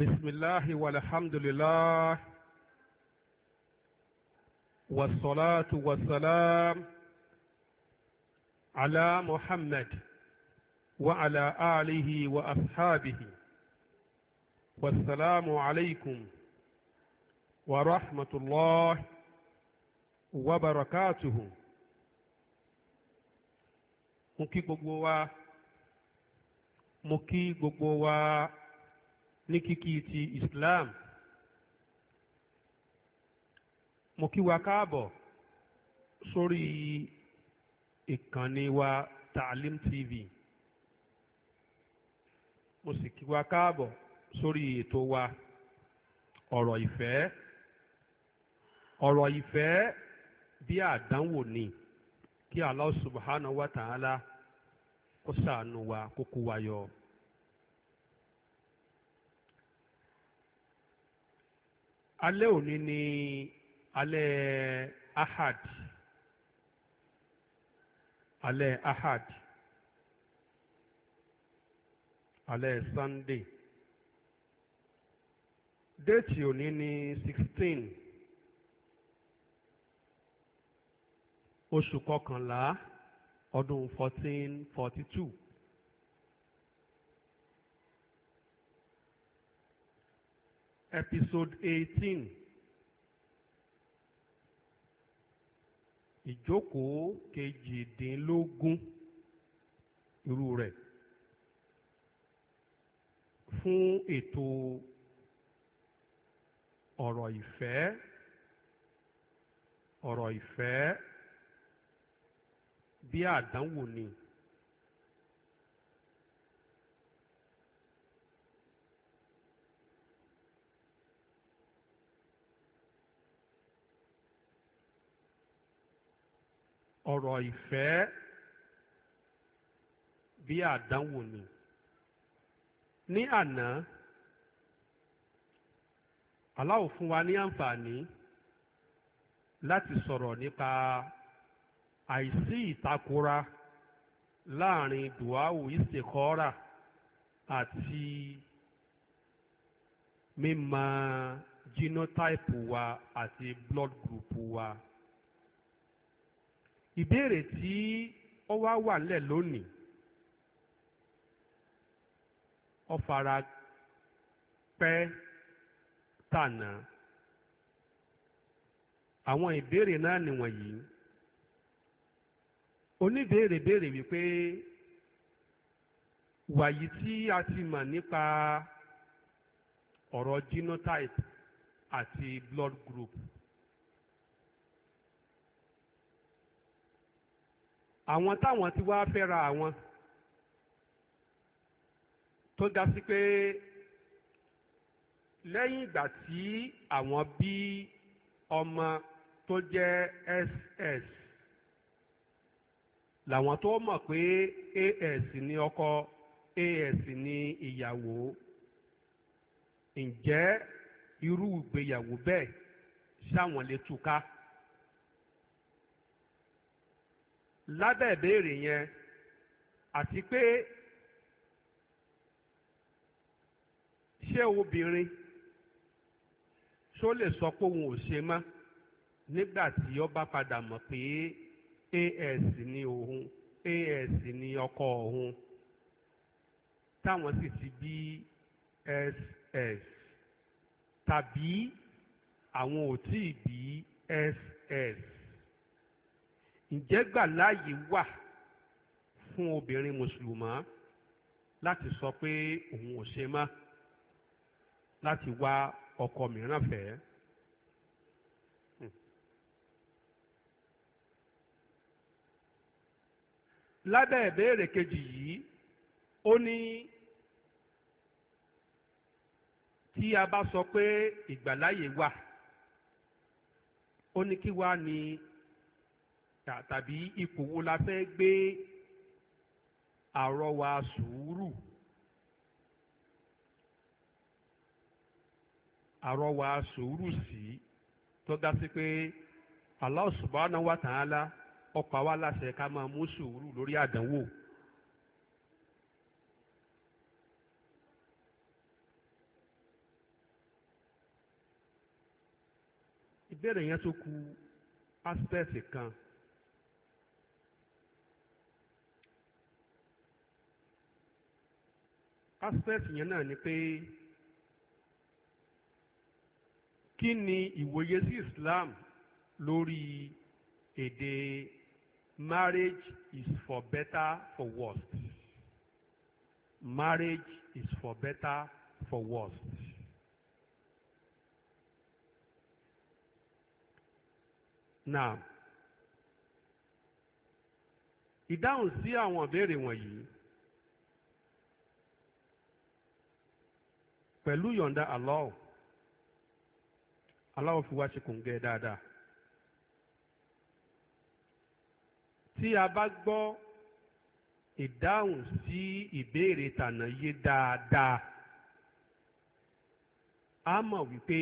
بسم الله والحمد لله والصلاة والسلام على محمد وعلى آله وأصحابه والسلام عليكم ورحمة الله وبركاته mo kí gbogbo wa mo kí gbogbo wa ní kíkí ti Islam mo kí wa káàbọ̀ sórí ìkànnì wa Taalim TV mo sì kí wa káàbọ̀ sórí ètò wa ọ̀rọ̀ ìfẹ́ ọ̀rọ̀ ìfẹ́ bí àdánwò ni kí Allah subhanahu wa ta'ala kó ṣàánú wa kó kó wa yọ. alẹ́ òní ni alẹ́ ahad alẹ́ ahad alẹ́ sunday déètì òní ni sixteen oṣù kọkànlá ọdún fourteen forty two. episode eighteen ìjókòó kejìdínlógún irú rẹ̀ fún ètò ọ̀rọ̀ ìfẹ́ ọ̀rọ̀ ìfẹ́ bí àdánwò ni. ọ̀rọ̀ ìfẹ́ bí àdánwò ni ní àná aláwò fún wa ní àǹfààní láti sọ̀rọ̀ nípa àìsí ìtakora láàrin duawu istekora àti mímọ̀ genotype wa àti blood group wa ìbéèrè tí ó wá wà nílẹ̀ lónìí ó fara pẹ́ tànà àwọn ìbéèrè náà nìwọ̀nyí oníbéèrè béèrè wípé wàyí tí a ti mọ̀ nípa ọ̀rọ̀ genotype àti blood group àwọn táwọn ti wá fẹ́ra àwọn tó ga sí pé lẹ́yìn ìgbà tí àwọn bí ọmọ tó jẹ́ SS làwọn tó mọ̀ pé AS ni ọkọ AS ni ìyàwó ǹjẹ́ irú ìgbéyàwó bẹ́ẹ̀ ṣáwọn lè túká. lábẹ́ ìbéèrè yẹn àti pé ṣé obìnrin ṣó lè sọ pé òun ò ṣe mọ́ nígbà tí ó bá padà mọ̀ pé as ni òun as ni ọkọ òun táwọn sì ti bí ss tàbí àwọn ò tí ì bí ss ǹjẹ́ gbàláàyè wà fún obìnrin mùsùlùmá láti sọ pé òun ò ṣe má láti wá ọkọ mìíràn fẹ́. lábẹ́ ìbéèrè kejì yìí ó ní tí a bá sọ pé ìgbàláyè wà ó ní kí wá ni tàbí ipò wo la fẹ́ gbé àrọwà sùúrù àrọwà sùúrù sí tó dá sí pé Allah subhanahu wa ta'ala ó pa wá láṣẹ ká máa mú sùúrù lórí àdánwò. ìbéèrè yẹn tó ku aspect kan aspect yẹn náà ni pé kí ni ìwòye sí Islam lórí èdè marriage is for better for worse marriage is for better for worse. now ìdáhùn sí àwọn ìbéèrè wọ̀nyí. pẹ̀lú yọ̀ǹda Allah Allah fi wá ṣe kòǹgẹ́ dáadáa tí a bá gbọ́ ìdáhùn sí ìbéèrè tànà yé dáadáa a mọ̀ wípé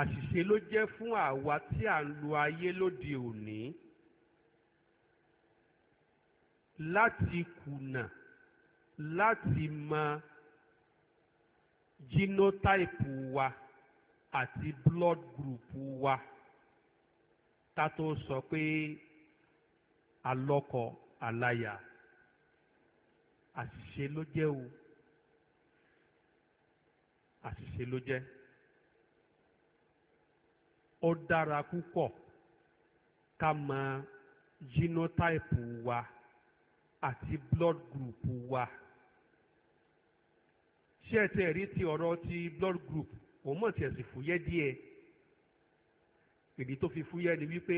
àṣìṣe ló jẹ́ fún àwa tí à ń lo ayé lóde òní láti kùnà láti mọ genotype wa àti blood group wa ta tó sọ pé alọ́kọ aláya àṣìṣe ló jẹ́ o àṣìṣe ló jẹ́ ó dára púpọ̀ ká mọ genotype wa àti blood group wa ṣé ẹ tẹ̀ rí ti ọ̀rọ̀ ti blood group òun mọ̀ tí ẹ sì fúyẹ́ díẹ̀ èdè tó fi fúyẹ́ ni wípé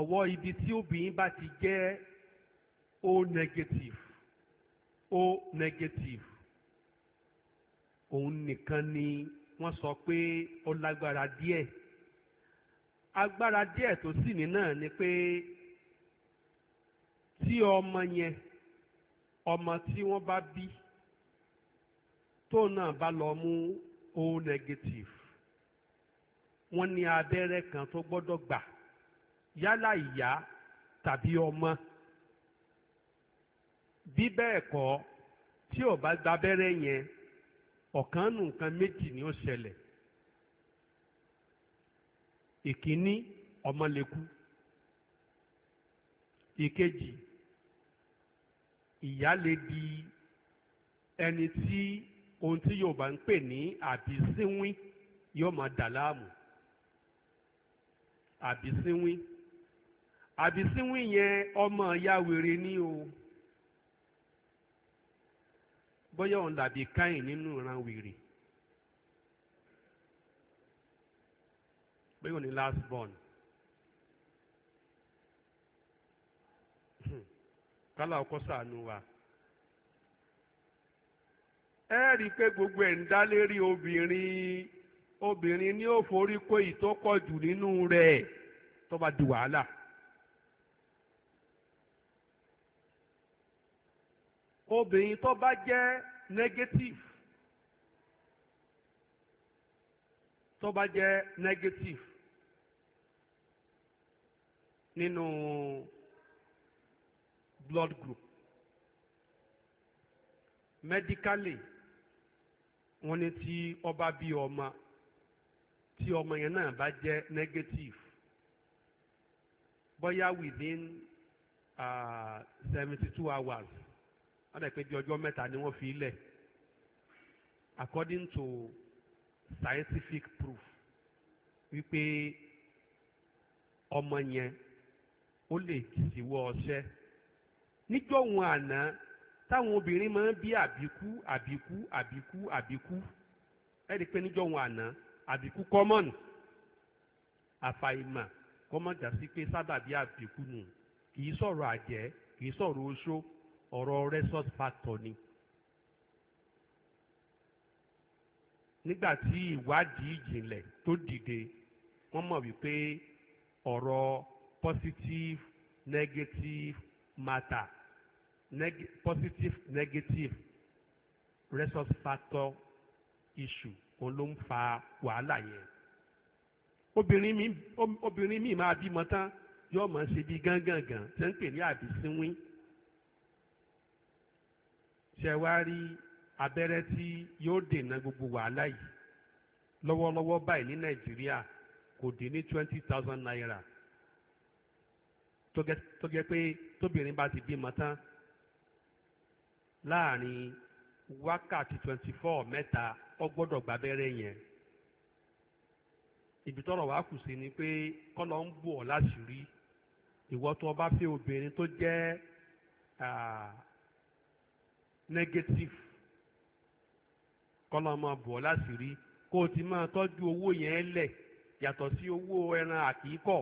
ọ̀wọ́ ibi tí obìnrin bá ti jẹ́ o negative o negative òun nìkan ni wọ́n sọ pé ó lágbára díẹ̀ agbára díẹ̀ tó sì ní náà ni pé tí ọmọ yẹn ọmọ tí wọ́n bá bí. tóun náà bá lọ mú o negative wọn ní abẹ́rẹ́ kan tó gbọ́dọ̀ gbà yálà ìyá tàbí ọmọ bí bẹ́ẹ̀ kọ́ tí ò bá gba abẹ́rẹ́ yẹn ọ̀kan nù nǹkan méjì ni ó ṣẹlẹ̀ ìkíní ọmọ lè kú ìkejì ìyá lè di ẹni tí ohun tí Yorùbá ń pè ní àbísínwín yóò máa dà láàmú àbísínwín àbísínwín yẹn ọmọ ìyá wèrè o bóyá òun dàbí káyìn nínú ìran wèrè bóyá òun ni last born hmm. kálá ọkọ sàánú wa. ẹ rí i pé gbogbo ẹ̀ ń dá lérí obìnrin obìnrin ni ó forí kó ìtọ́kọ̀ jù nínú rẹ̀ tó bá di wàhálà. obìnrin tó bá jẹ́ negative tó bá jẹ́ negative nínú blood group medically wọ́n ní tí ọba bí ọmọ tí ọmọ yẹn náà bá jẹ́ negative bóyá within seventy uh, two hours wọ́n dẹ̀ pé bí ọjọ́ mẹ́ta ni wọ́n fi lẹ̀ according to scientific proof wípé ọmọ yẹn ó lè tìwọ́ ọṣẹ́ níjọ́ òun àná táwọn obìnrin máa ń bí àbíkú àbíkú àbíkú àbíkú ẹ rí i pé níjọ́ wọn àná àbíkú common àfàìmà kọ́mọ̀ já sí pé sábàbí àbíkú nù kì í sọ̀rọ̀ àjẹ́ kì í sọ̀rọ̀ oṣó ọ̀rọ̀ resort factor ni. nígbà tí ìwádìí ìjìnlẹ̀ tó dìde wọ́n mọ̀ wípé ọ̀rọ̀ positive negative matter neg positive negative resource factor issue òun ló ń fa wàhálà yẹn obìnrin mi obìnrin mi máa bímọ tán yóò máa ṣe bí gángangan ṣe ń pè ní àbísínwín ṣe wá rí abẹ́rẹ́ tí yóò dènà gbogbo wàhálà yìí lọ́wọ́lọ́wọ́ báyìí ní nàìjíríà kò dín ní twenty thousand naira tó jẹ́ pé tóbìnrin bá ti bímọ tán láàrin wákàtí 24 mẹ́ta ó gbọ́dọ̀ gba yẹn ibi tọ́rọ̀ wá kù sí ni pé kọ́lọ́ ń bù ọ́ láṣìírí ìwọ tó o bá obìnrin tó jẹ́ negative kọ́lọ́ máa bù ọ́ láṣìírí kó o ti máa tọ́jú owó yẹn lẹ̀ yàtọ̀ sí owó ẹran àkíkọ̀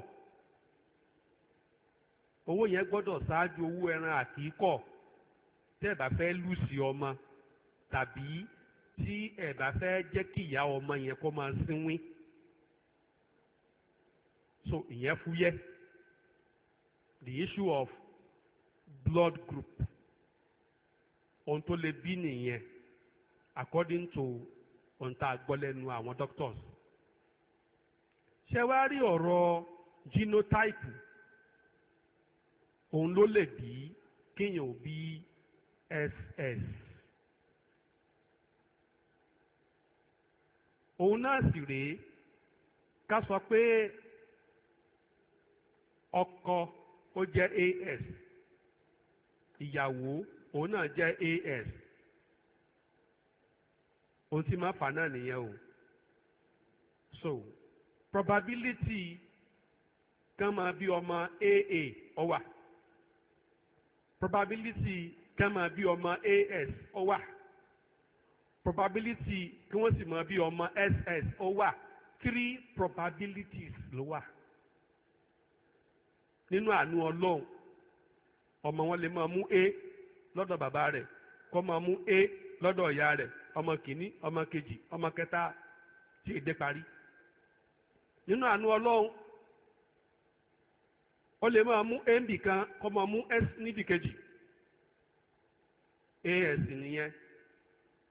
owó yẹn gbọ́dọ̀ ṣáájú owó ẹran àkíkọ̀. tẹ́ fẹ́ lùsì ọmọ tàbí tí ẹ fẹ́ jẹ́ kí ìyá ọmọ yẹn kó máa sínwín so ìyẹn fúyẹ́ the issue of blood group ohun tó lè bí nìyẹn according to ohun tá a gbọ́ lẹ́nu àwọn doctors ṣé wàá rí ọ̀rọ̀ genotype òun ló lè bí kéèyàn ò bí SS òun náà sì rèé ká sọ pé ọkọ ó jẹ́ AS ìyàwó òun náà jẹ́ AS ohun tí máa fà náà nìyẹn o so probability kan máa bí ọmọ AA ó wà probability kán máa bí ọmọ as ó wà probability kí wọ́n sì máa bí ọmọ ss ó wà three probabilities ló wà nínú àánú ọlọ́run ọmọ wọn lè máa mú a lọ́dọ̀ bàbá rẹ̀ kó máa mú a lọ́dọ̀ ìyá rẹ̀ ọmọ kìíní ọmọ kejì ọmọ kẹta tí èdè parí nínú àánú ọlọ́run ó lè máa mú a níbì kó máa mú s níbì kejì as nìyẹn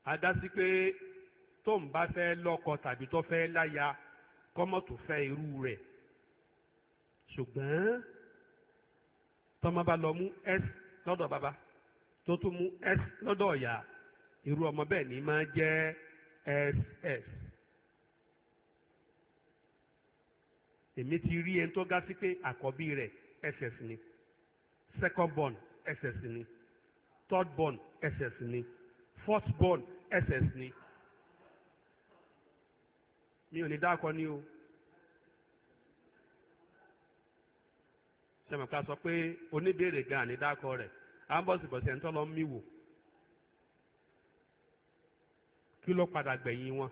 adásí pé tóun bá fẹ́ lọ́kọ tàbí tó fẹ́ láya kọ́mọ̀tò fẹ́ irú rẹ̀ ṣùgbọ́n tọ́mọ bá lọ mú s lọ́dọ̀ bàbá tó tún mú s lọ́dọ̀ ọ̀yà irú ọmọ bẹ́ẹ̀ ni máa jẹ́ ss. èmi ti rí ẹni tó gá sí pé àkọ́bí rẹ̀ ss ni second born ss ni third born ss ni fourth born ss ni mi ò ní dákọ ní o sẹmọ̀ká sọ pé oníbèrè gan ní dákọ rẹ̀ ambọ̀sibọ̀sẹ̀ ń tọ́lọ́ mí wò kí ló padà gbẹ̀yìn wọn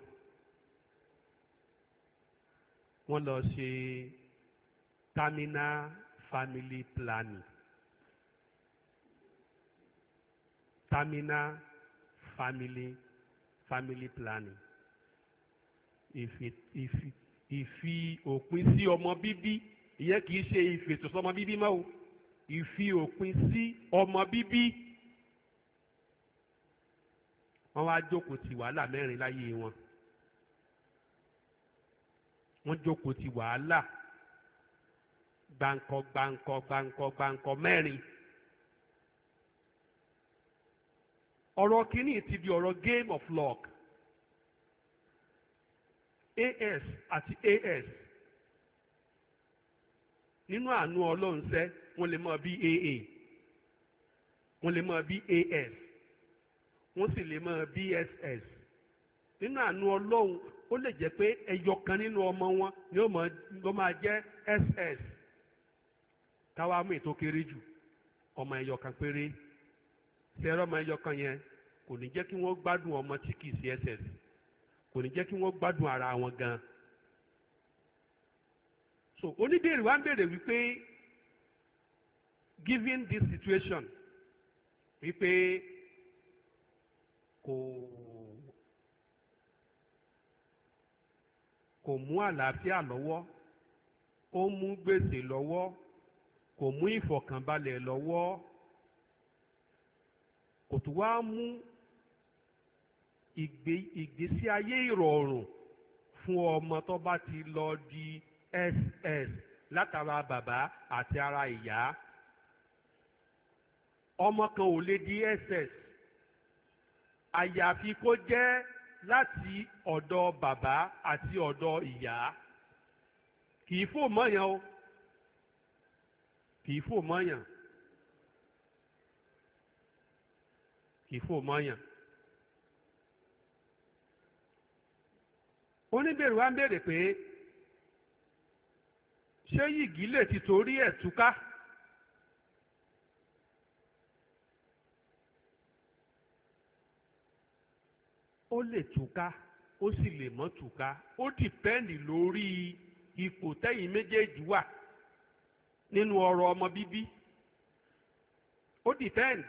wọ́n lọ ṣe terminal family planning terminal family family planning ìfi ìfi ìfi òpin sí ọmọ bíbí ìyẹn kì í ṣe ìfètòsọmọ bíbí mọ́ o ìfi òpin sí ọmọ bíbí wọ́n wá jókòó ti wàhálà mẹ́rin láyé wọn wọ́n jókòó ti wàhálà gbàǹkọ gbàǹkọ gbàǹkọ gbàǹkọ mẹ́rin. ọ̀rọ̀ kínní ti di ọ̀rọ̀ game of luck as àti as nínú àánú ọlọ́run sẹ́ wọ́n lè mọ̀ bí aa wọ́n lè mọ̀ bí as wọ́n sì lè mọ̀ bss nínú àánú ọlọ́run ó lè jẹ́ pé ẹyọ kan nínú ọmọ wọn ni ó máa jẹ́ ss táwa mú ètò kéré jù ọmọ ẹyọ kan péré ṣe ẹrọ ọmọ ẹyọ kan yẹn kò ní jẹ́ kí wọ́n gbádùn ọmọ tí kìí ṣe ss kò ní jẹ́ kí wọ́n gbádùn ara wọn gan so oníbèrè wa ń bèrè wípé given this situation wípé kò kò mú àlàáfíà lọ́wọ́ ó mú gbèsè lọ́wọ́ kò mú ìfọ̀kànbalẹ̀ lọ́wọ́ kò tún wá mú ìgbésí ayé ìrọ̀rùn fún ọmọ tó bá ti lọ di ss látara bàbá àti ara ìyá ọmọ kan ò lè di ss àyàfi kó jẹ́ láti ọ̀dọ̀ bàbá àti ọ̀dọ̀ ìyá kì í fò mọ́yàn o kì fò mọ́yàn kì fò mọ́yàn. oníbèrè wa ń béèrè pé ṣé yìgì lè ti torí ẹ̀ túká. ó lè túká ó sì lè mọ́ túká ó dìpẹ́ǹdì lórí ipò tẹ́yìn méjèèjì wà nínú ọ̀rọ̀ ọmọ bíbí ó dìpẹ́ǹdì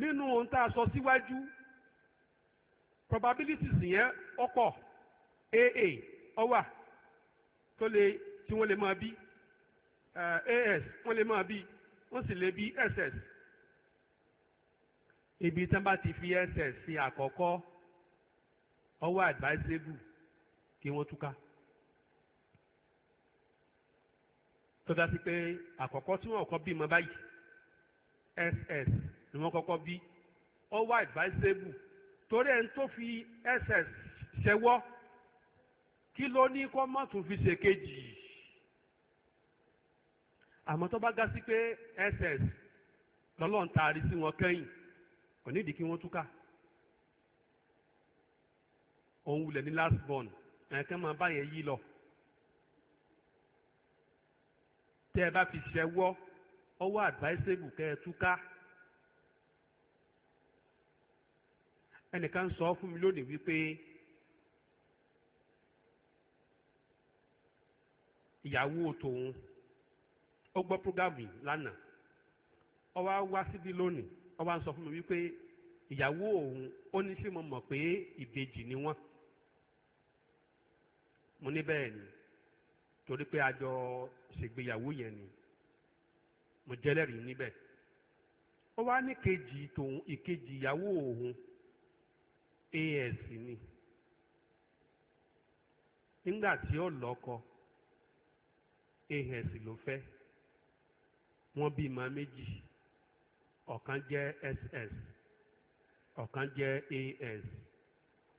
nínú ohun tá a sọ síwájú. Si probabilities yẹn ọ̀pọ̀ aa ọwà tó lè tí wọ́n lè máa bí eh, as wọ́n lè máa bí wọ́n sì lè bí ss ibi tí wọ́n bá ti fi ss sí àkọ́kọ́ ọwọ́ advisable kí wọ́n túká tó dá sí pé àkọ́kọ́ tí wọ́n kọ́ bímọ báyìí ss ni wọ́n kọ́kọ́ bí ọwọ́ advisable torí ẹni tó fi ẹsẹ̀ ṣẹwọ́ kí ló ní kó má tún fi ṣèkejì àmọ́ tó bá ga sí pé ss lọ́lọ́ ń taari sí wọn kẹ́yìn kò nídìí kí wọ́n túká òun wulẹ̀ ní last born ẹ̀ẹ́kẹ́ máa bá yẹn yí lọ tẹ́ ẹ bá fi ṣẹwọ́ ọwọ́ advisable kẹ́ ẹ túká. ẹnìkan sọ fún mi lónìí wípé ìyàwó tòun ó gbọ́ púrógámù lánàá ó wá wá síbi lónìí ó wá sọ fún mi wípé ìyàwó òun ó ní sí mo mọ̀ pé ìbejì ni wọ́n mo ní bẹ́ẹ̀ ni torí pé a jọ ṣègbéyàwó yẹn ni mo jẹ́lẹ́rìí níbẹ̀ ó wá ní kejì tòun ìkejì ìyàwó òun as ni nígbà tí ó lọkọ as ló wọn wọ́n ma méjì ọkan jẹ́ ss ọkan jẹ́ as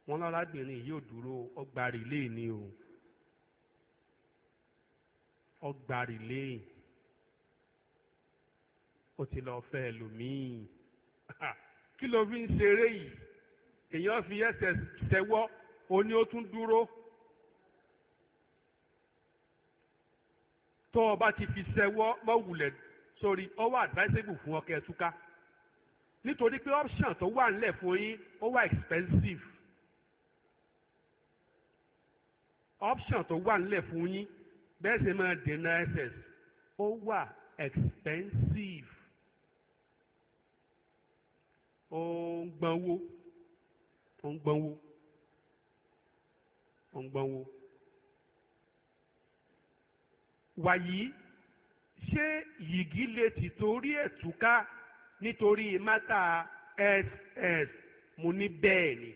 wọn lọ́lábìnrin yóò dúró ọgbà ni o ọgbà rìlẹ́ ó ti lọ fẹ́ ẹlòmíì kí ló fi ń ṣeré yìí. èèyàn fi ẹsẹ̀ sẹ́wọ́ oní ó tún dúró tó o bá ti fi sẹ́wọ́ mọ́wulẹ̀ sórí ọwọ́ advisable fún ọkẹ́ ẹ̀túká nítorí pé option tó wà nílẹ̀ fún yín ó wà expensive option tó wà nílẹ̀ fún yín bẹ́ẹ̀ sì máa dènà ss ó wà expensive ó ń gbọ́n ó ń gbọ́nwó ó ń gbọ́nwó. wàyí ṣé yìgì lè ti torí ẹ̀ túká nítorí mátà ss mo ní bẹ́ẹ̀ ni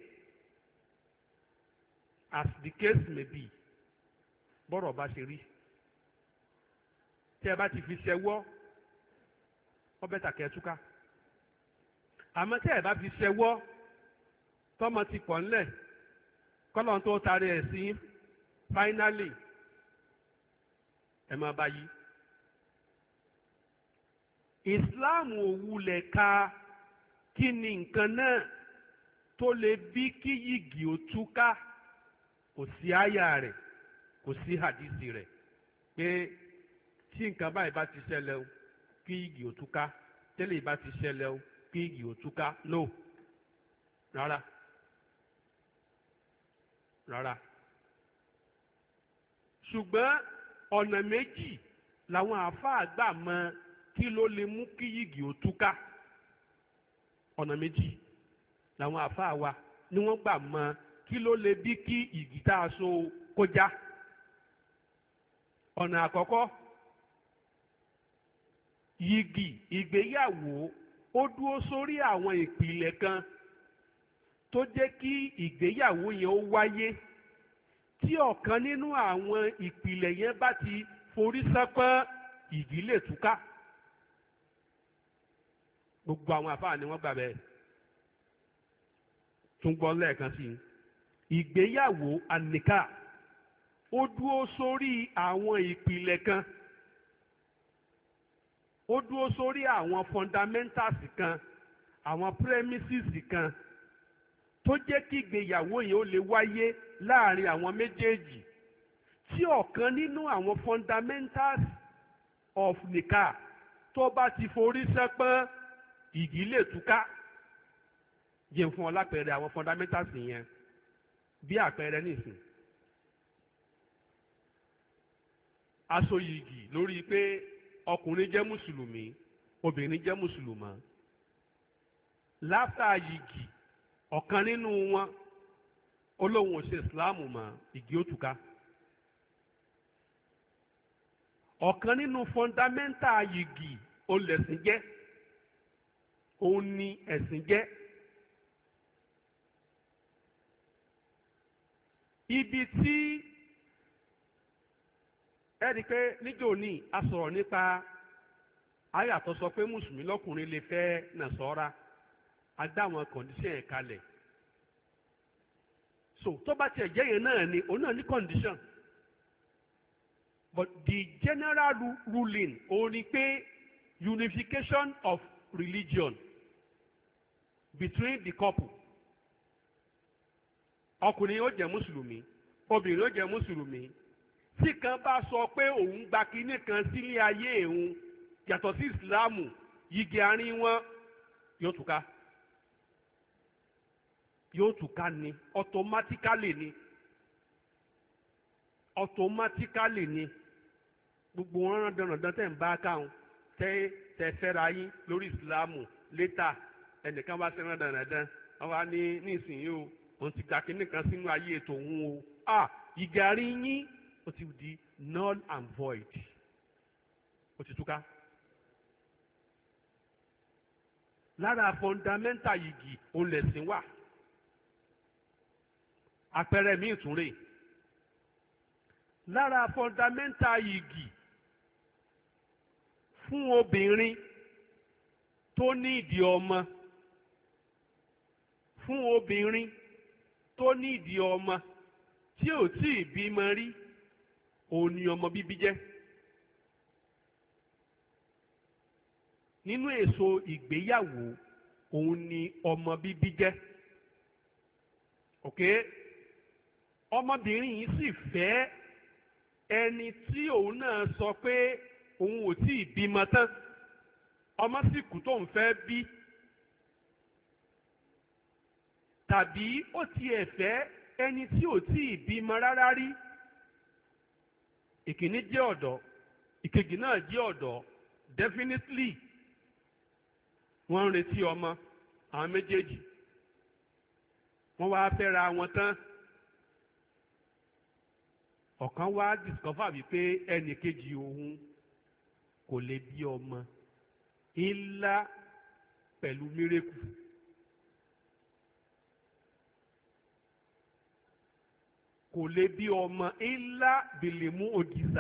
as the case may be bọ́rọ̀ bá ṣe rí tí ẹ bá ti fi ṣẹwọ́ ọbẹ̀ tàkẹ́ túká àmọ́ tí ẹ bá fi ṣẹwọ́ tọ́mọ ti pọ̀ ńlẹ̀ kọ́lọ́n tó taari ẹ̀ sí fáínálì ẹ̀ máa bá yí. ìsìláàmù òwúlẹ̀ ka kí ni nǹkan náà tó lè bí kí yìgì ó túká kò sí àyà rẹ̀ kò sí hadisi rẹ̀ pé tí nǹkan báyìí bá ti ṣẹlẹ̀ o kí yìgì ó túká tẹ́lẹ̀ bá ti ṣẹlẹ̀ o kí yìgì ó túká no rárá. No rárá ṣùgbọ́n ọ̀nà méjì làwọn àáfàá gbà mọ kí ló lè mú kí yìgì ó túká ọ̀nà méjì làwọn àáfàá wa ni wọ́n gbà mọ kí ló lè bí kí yìgì tá a so kọjá ọ̀nà àkọ́kọ́ yìgì ìgbéyàwó ó dúró sórí àwọn ìpìlẹ̀ kan tó jẹ́ kí ìgbéyàwó yẹn ó wáyé tí ọ̀kan nínú àwọn ìpìlẹ̀ yẹn bá ti forí sápọ́n ìdílé túká gbogbo àwọn àfáà ni wọ́n gbà bẹ́ẹ̀ tún gbọ́ lẹ́ẹ̀kan sí i ìgbéyàwó àníkà ó dúró sórí àwọn ìpìlẹ̀ kan ó dúró sórí àwọn fundamentals kan àwọn premises kan tó jẹ́ kí ìgbéyàwó yẹn ó lè wáyé láàrin àwọn méjèèjì tí ọ̀kan nínú àwọn fundamentals of nìka tó bá ti forí sẹ́pọ́n ìgì lè túká jẹ́ fún ọ lápẹẹrẹ àwọn fundamentals yẹn bí àpẹẹrẹ nìsín asoyigi lórí pé ọkùnrin jẹ́ mùsùlùmí obìnrin jẹ́ mùsùlùmá láfàá ọ̀kan nínú wọn olóhùn òṣè islam mọ́ igi òtúká ọ̀kan nínú fọ́ndámẹ́ntà yìgì olẹ̀sìn òun ni ẹ̀sìn ibi tí ẹ̀rí pé níjọ́ ní a sọ̀rọ̀ nípa ayàtọ̀ sọ pé mùsùlùmí lọ́kùnrin lè fẹ́ adáwọn condition yẹn kalẹ̀ so tó bá tiẹ̀ jẹ́ yẹn náà ni òun náà ní condition but the general ru ruling òun ni pé unification of religion between the couple ọkùnrin ó jẹ́ mùsùlùmí obìnrin ó jẹ́ mùsùlùmí tí kan bá sọ pé òun gba kinní kan sílé ayé òun yàtọ̀ sí ìsìláàmù yìgì àárín wọn yóò túká yóò túká ni automatically ni automatically ni gbogbo wọn dandan tẹ̀ ń bá káwọn tẹ́ tẹ́ fẹ́ra yín lórí ìsìlámù létà ẹnìkan bá sẹ́ran dandan wọn wá ní nísìnyí o òun ti gba kínní kan sínú ayé ètò òun o ah ìgàrí yín ó ti di null and void ó ti túká. lára fọ́ndámẹ́ntà yìgì òun lẹ̀sìn wà. àpẹẹrẹ mi tún rè lára fọndamẹ́ntà fun fún obìnrin tó ní ìdí ọmọ fún obìnrin tó ní ìdí ọmọ tí ò tí ì bímọ ni ọmọ bíbí jẹ́ nínú èso ìgbéyàwó ni ọmọ bíbí jẹ́ ọmọbìnrin yìí sì fẹ́ ẹni tí òun náà sọ pé òun ò tí ì bímọ tán ọmọ sì kú tóun fẹ́ bí tàbí ó tiẹ̀ fẹ́ ẹni tí ò tí ì bímọ rárá rí ìkíní jẹ́ ọ̀dọ́ ìkejì náà jẹ́ ọ̀dọ́ definitely wọ́n ń retí ọmọ àwọn méjèèjì wọ́n wá fẹ́ra wọn tán ọ̀kan wá discover wípé ẹnì kejì òun kò lè bí ọmọ ńlá pẹ̀lú mírèkù. kò lè bí ọmọ ńlá bìlìmú òdìsá